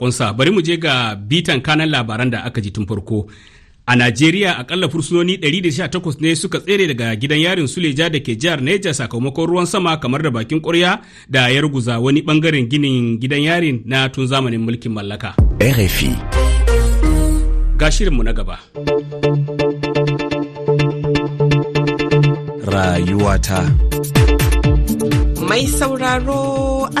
kunsa bari mu je ga bitan kanan labaran da aka ji tun farko a najeriya akalla fursunoni 118 ne suka tsere daga gidan yarin suleja da ke jihar neja sakamakon ruwan sama kamar da bakin ƙwarya da ya ruguza wani bangaren ginin gidan yarin na tun zamanin mulkin mallaka rfi ga mu na gaba rayuwata mai sauraro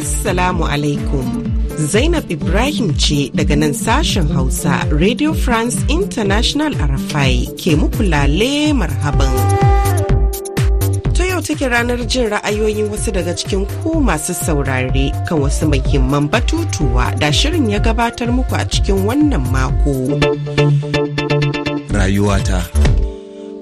assalamu alaikum Zainab Ibrahim ce daga nan sashen Hausa Radio France International Arafai ke muku lale marhaban. Ta yau take ranar jin ra'ayoyin wasu daga cikin ku masu saurare kan wasu muhimman batutuwa da shirin ya gabatar muku a cikin wannan mako. Rayuwata.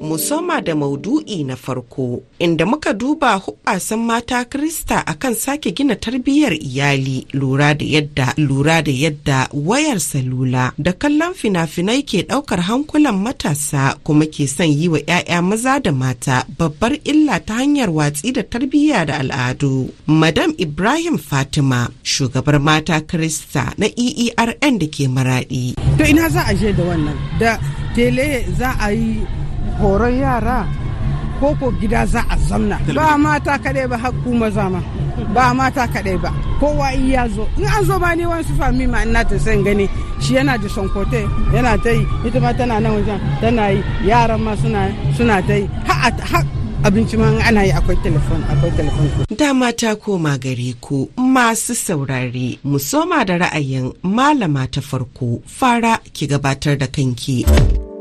musoma da maudu'i na farko inda muka duba hubbasan mata krista akan sake gina tarbiyyar iyali lura da yadda lura da yadda wayar salula da kallon fina-finai ke daukar hankulan matasa kuma ke son yi wa 'ya'ya maza da mata babbar illa ta hanyar watsi da tarbiyya da al'adu madam ibrahim fatima shugabar mata krista na eern da ke maradi to ina za a je da wannan da tele za a yi horon yara ko ko gida za a zamna ba mata kaɗai ba hakku maza ma ba mata kaɗai ba kowa in ya zo in an zo bani ni wani sufa mi ma ina ta san gani shi yana da sankote yana ta yi ita ma tana nan wajen tana yi yaran ma suna suna ta yi ha abinci ma ana yi akwai telefon akwai telefon dama ta ko gare ko masu saurare musoma da ra'ayin malama ta farko fara ki gabatar da kanki.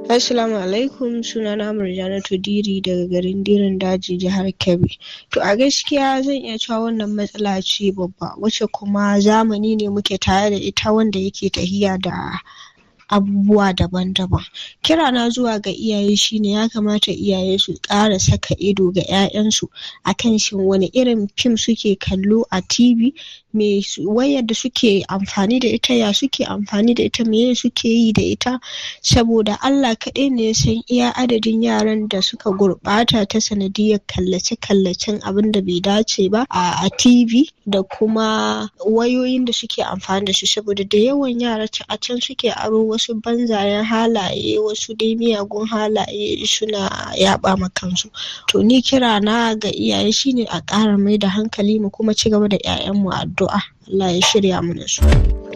Assalamu alaikum sunana Murjanatu Diri daga garin Dirin Daji jihar Kebbi. To a gaskiya zan iya cewa wannan matsala ce babba wacce kuma zamani ne muke tare da ita wanda yake tahiya da abubuwa daban-daban. Kirana zuwa ga iyaye shine ya kamata iyaye su ƙara saka ido ga 'ya'yansu kan shin Wani irin fim suke kallo a TV, me wayar da suke amfani da ita, ya suke amfani da ita, Me suke yi da ita, saboda Allah kaɗai ne ya san iya adadin yaran da suka gurɓata ta sanadiyar kallace-kallacen abin da bai dace ba a TV. da kuma wayoyin da suke amfani da shi saboda da yawan yara a can suke aro wasu banzayen halaye wasu dai miyagun halaye suna yaba ma kansu to ni kira na ga iyaye shine a ƙara mai da hankali mu kuma ci gaba da mu addu'a Allah ya shirya mu da su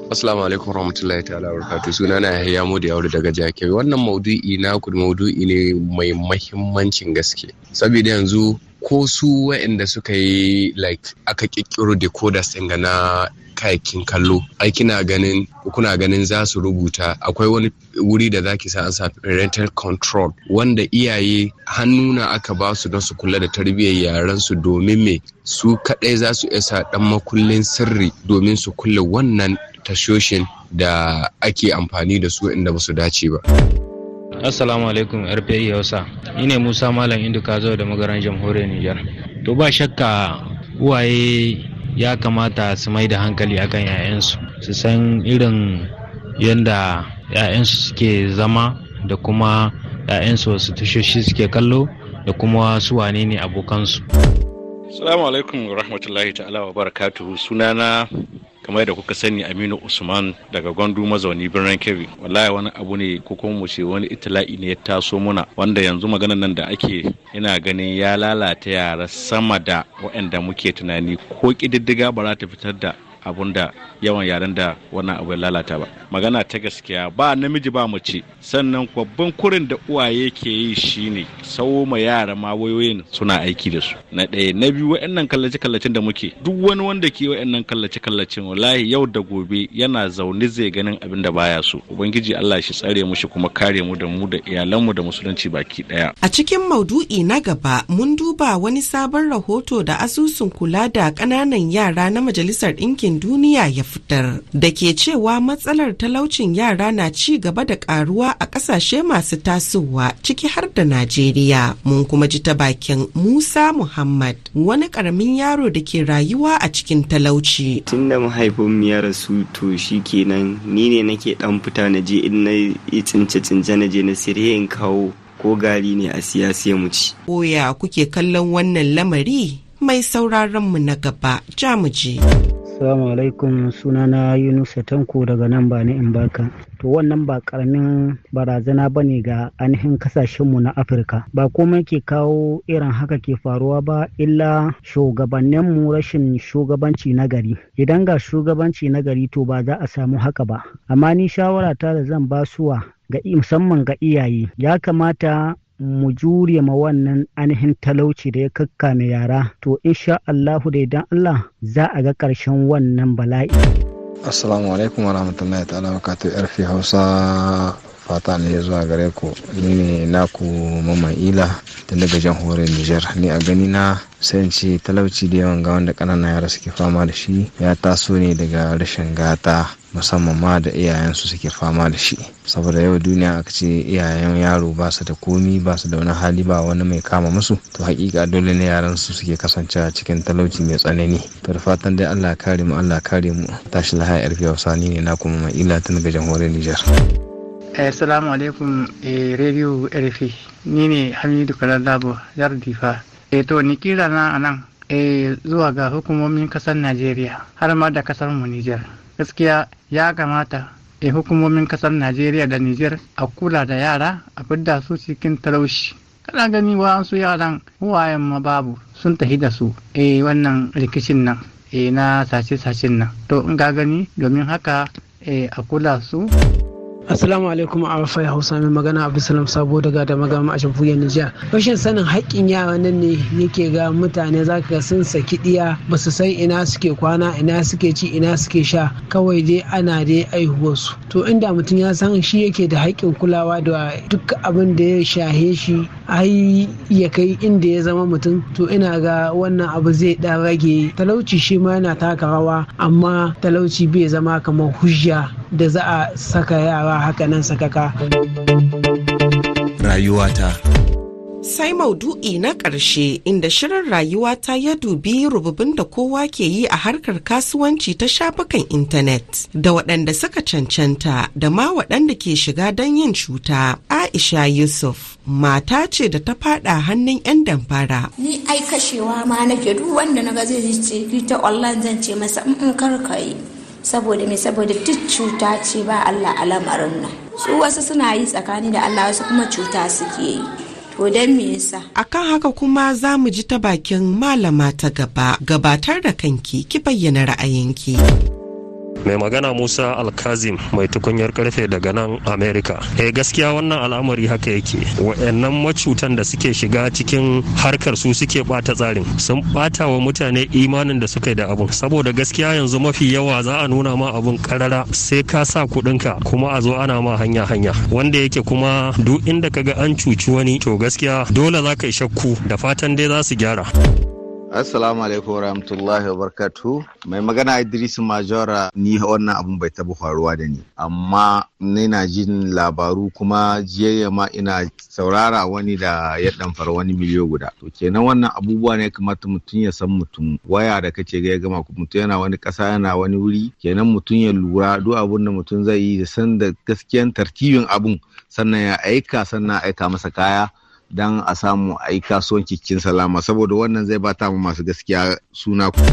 Assalamu alaikum warahmatullahi ta'ala barakatuh suna na Yahya Mudi Yawuri daga Jake wannan maudu'i na ku maudu'i ne mai mahimmancin gaske saboda yanzu ko su waɗanda suka yi like aka ƙirƙiro decoders ɗin ga na kayakin kallo ai kina ganin kuna ganin za su rubuta akwai wani wuri da zaki sa an sa parental control wanda iyaye hannuna aka ba su don su kula da tarbiyyar yaran su domin me su kadai za su isa dan makullin sirri domin su kulle wannan tashoshin da ake amfani da su inda ba su dace ba. assalamu alaikum rpa hausa ni musa malam indu kazo da magaran jamhuriyar nijar to ba shakka uwaye ya kamata su mai da hankali akan 'ya'yansu su san irin yadda 'ya'yansu suke zama da kuma 'ya'yansu wasu tushoshi suke kallo da kuma su wane ne abokansu. assalamu alaikum wa rahmatullahi ta'ala wa barakatuhu sunana kamar yadda kuka sani aminu usman daga gwandu mazauni birnin kebbi wallahi wani abu ne ko kuma mu ce wani itila'i ne ya taso muna wanda yanzu maganan nan da ake ina ganin ya lalata yara sama da waɗanda muke tunani ko ƙididdiga ba za ta fitar da abun da yawan yaren da wannan abu lalata ba magana ta gaskiya ba namiji ba mace sannan babban kurin da uwaye ke yi shine sau ma yara ma wayoyin suna aiki da su na ɗaya na biyu wa'annan kallace kallacen da muke duk wani wanda ke wa'annan kallace kallacen wallahi yau da gobe yana zaune zai ganin abin da baya so ubangiji Allah shi tsare mu shi kuma kare mu da mu da iyalan mu da musulunci baki ɗaya. a cikin maudu'i na gaba mun duba wani sabon rahoto da asusun kula da ƙananan yara na majalisar ɗinkin Bankin Duniya ya fitar da ke cewa matsalar talaucin yara na ci gaba da karuwa a ƙasashe masu tasowa ciki har da Najeriya. Mun kuma ji ta bakin Musa Muhammad wani karamin yaro da ke rayuwa a cikin talauci. Tun da mahaifin ya rasu to shi kenan ni ne nake dan fita na je in na cince cince na je na sirhe in kawo ko gari ne a siyasiya mu ci. Oya kuke kallon wannan lamari mai sauraron mu na gaba jamuje. Assalamu alaikum sunana Yunusa Tanko daga nan ba ni in baka. To wannan ba karamin barazana ba ne ga ainihin kasashenmu na Afirka. Ba komai ke kawo irin haka ke faruwa ba illa shugabanninmu rashin shugabanci nagari. Idan ga shugabanci nagari to ba za a samu haka ba. Amma ni shawara ta da zan basuwa ga musamman ga iyaye ya kamata mu jure ma wannan ainihin talauci da ya kakkame yara to insha Allahu da idan Allah za a ga karshen wannan bala'i. Assalamu alaikum wa rahmatullahi ta'ala wa katu yarfi Hausa fata ne zuwa gare ku ni ne naku mamman ila da daga jamhuriyar Nijar ni a gani na sai ce talauci da yawan ga wanda ƙananan yara suke fama da shi ya taso ne daga rashin gata musamman ma da iyayensu suke fama da shi saboda yau duniya aka ce iyayen yaro ba su da komi ba su da wani hali ba wani mai kama musu to hakika dole ne yaran su suke kasancewa cikin talauci mai tsanani to da fatan dai Allah kare mu Allah kare mu tashi lahaya arfi wasani ne na kuma mai ila tun ga jamhuriyar Nijar eh, assalamu alaikum eh, radio rfi ni ne hamidu kalalabo yar difa eh to ni kira na anan eh zuwa ga hukumomin kasar najeriya har ma da kasar mu nijar gaskiya ya kamata ya hukumomin kasar najeriya da nijar a kula da yara a fidda su cikin talaushi kana gani wasu yaran huwayen ma babu sun tafi da su eh wannan rikicin nan eh na sace-sacen nan to in ka gani domin haka eh a kula su Assalamu alaikum a Rafai Hausa mai magana Abdulsalam Sabo daga da magama a shafuyar Nijar. Rashin sanin haƙƙin yara nan ne yake ga mutane za ka sun saki ɗiya ba su san ina suke kwana ina suke ci ina suke sha kawai dai ana da dai su To inda mutum ya san shi yake da haƙƙin kulawa da duk abin da ya shahe shi ai ya kai inda ya zama mutum to ina ga wannan abu zai dan rage talauci shi ma yana taka rawa amma talauci bai zama kamar hujja da za a saka yara haka nan sakaka rayuwata Sai maudu'i na ƙarshe inda shirin rayuwa ta ya dubi rububin da kowa ke yi a harkar kasuwanci ta shafukan intanet da waɗanda suka cancanta da ma waɗanda ke shiga don yin cuta. Aisha Yusuf mata ce da ta faɗa hannun 'yan damfara. Ni ai kashewa ma nake duk wanda na ga zai ji ta online zan ce masa in mm, mm, ka yi. saboda me saboda duk cuta ce ba Allah al'amarin nan su wasu suna yi tsakani da Allah wasu kuma cuta suke yi To don me yasa? Akan haka kuma za mu ji ta bakin malama ta gaba gabatar da kanki ki bayyana ra'ayinki. mai magana musa alkazim mai tukunyar karfe daga nan Amerika. eh gaskiya wannan al'amari haka yake wa'annan macutan da suke shiga cikin harkar su suke bata tsarin sun bata wa mutane imanin da suka yi da abun saboda gaskiya yanzu mafi yawa za a nuna ma abun karara sai ka sa kudinka kuma a zo ana ma hanya hanya wanda yake kuma duk inda kaga an cuci wani to gaskiya dole za ka yi shakku da fatan dai za su gyara. Assalamu alaikum warahmatullahi wabarakatuh. Mai magana Idris Majora ni wannan abun bai taba faruwa da ni. Amma ni na jin labaru kuma jiyayya ma ina saurara wani da ya damfara wani miliyo guda. To kenan wannan abubuwa ne kamata mutum ya san mutum waya da kace ga ya gama mutum yana wani kasa yana wani wuri kenan mutum ya lura duk abun da mutum zai yi da san da gaskiyan tartibin abun sannan ya aika sannan aika masa kaya don a samu a yi kasuwan cikin salama saboda wannan zai bata mu masu gaskiya suna. ku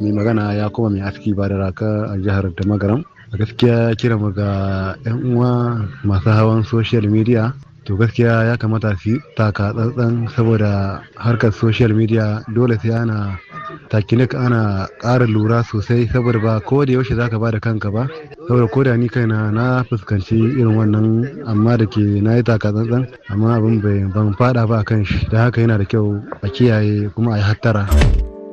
mai magana ya kuma mai aski ba da raka a jihar damagaram a gaskiya kira mu ga 'yan uwa masu hawan social media to gaskiya ya kamata su taka tsantsan saboda harkar social media dole sai ana takinik ana ƙara lura sosai saboda ba ko da yaushe zaka ba da kanka ba saboda ko da ni kaina na fuskanci irin wannan amma da ke na yi taka tsantsan amma abin ban fada ba kan shi da haka yana da kyau a kiyaye kuma a yi hattara.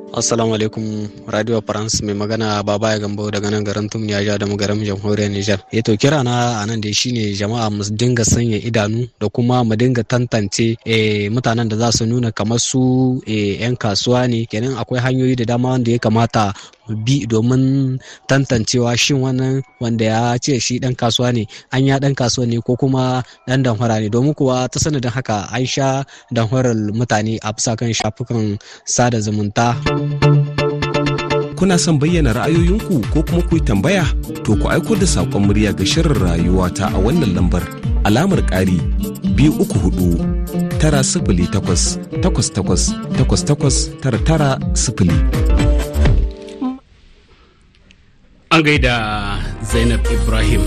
Assalamu alaikum Radio France mai magana Baba ya gambo daga nan garin Tum ya da garin jamhuriyar Nijar. Eh to kira na a nan da shine jama'a mu dinga sanya idanu da kuma mu dinga tantance eh, mutanen da za su nuna kamar su eh, yan kasuwa ne kenan akwai hanyoyi da dama wanda ya kamata bi domin tantancewa shin wannan wanda ya ce shi dan kasuwa ne an ya dan kasuwa ne ko kuma dan damfara ne domin kuwa ta sanadin haka an sha damfarar mutane a bisa shafukan sada zumunta. kuna son bayyana ra'ayoyinku ko kuma ku tambaya to ku aiko da saƙon murya ga shirin rayuwa ta a wannan lambar alamar ƙari biyu uku hudu tara sifili takwas takwas takwas takwas takwas tara tara sifili. an gaida zainab ibrahim